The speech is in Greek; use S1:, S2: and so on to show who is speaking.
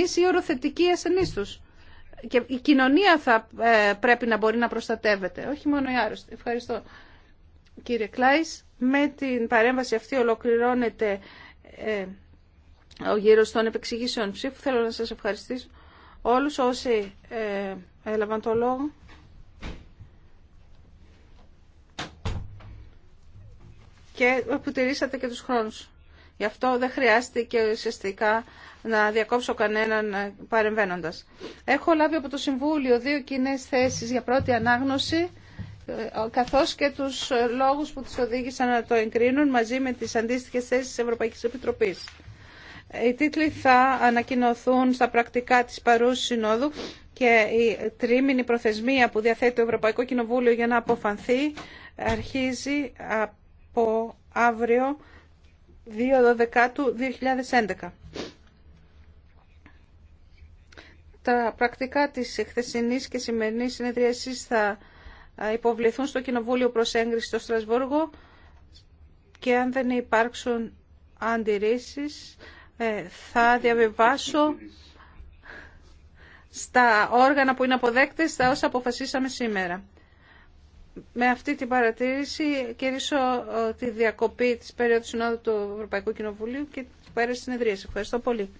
S1: η οροθετική ασθενή τους. Και η κοινωνία θα ε, πρέπει να μπορεί να προστατεύεται, όχι μόνο οι άρρωστοι. Ευχαριστώ κύριε Κλάις Με την παρέμβαση αυτή ολοκληρώνεται ε, ο γύρος των επεξηγήσεων ψήφου. Θέλω να σας ευχαριστήσω όλους όσοι ε, έλαβαν το λόγο. και που τηρήσατε και τους χρόνους. Γι' αυτό δεν χρειάστηκε ουσιαστικά να διακόψω κανέναν παρεμβαίνοντας. Έχω λάβει από το Συμβούλιο δύο κοινέ θέσεις για πρώτη ανάγνωση, ε, καθώς και τους λόγους που τις οδήγησαν να το εγκρίνουν μαζί με τις αντίστοιχες θέσεις της Ευρωπαϊκής Επιτροπής. Οι τίτλοι θα ανακοινωθούν στα πρακτικά της παρούσης συνόδου και η τρίμηνη προθεσμία που διαθέτει το Ευρωπαϊκό Κοινοβούλιο για να αποφανθεί αρχίζει από αύριο 2011. Τα πρακτικά της εχθεσινής και σημερινής συνεδρίασης θα υποβληθούν στο Κοινοβούλιο προς έγκριση στο Στρασβούργο και αν δεν υπάρξουν αντιρρήσεις ε, θα διαβεβασω στα όργανα που είναι αποδέκτες τα όσα αποφασίσαμε σήμερα με αυτή την παρατήρηση κηρύσω ε, τη διακοπή της περίοδου συνόδου του Ευρωπαϊκού Κοινοβουλίου και της πέρας συνεδρίας. Ευχαριστώ πολύ.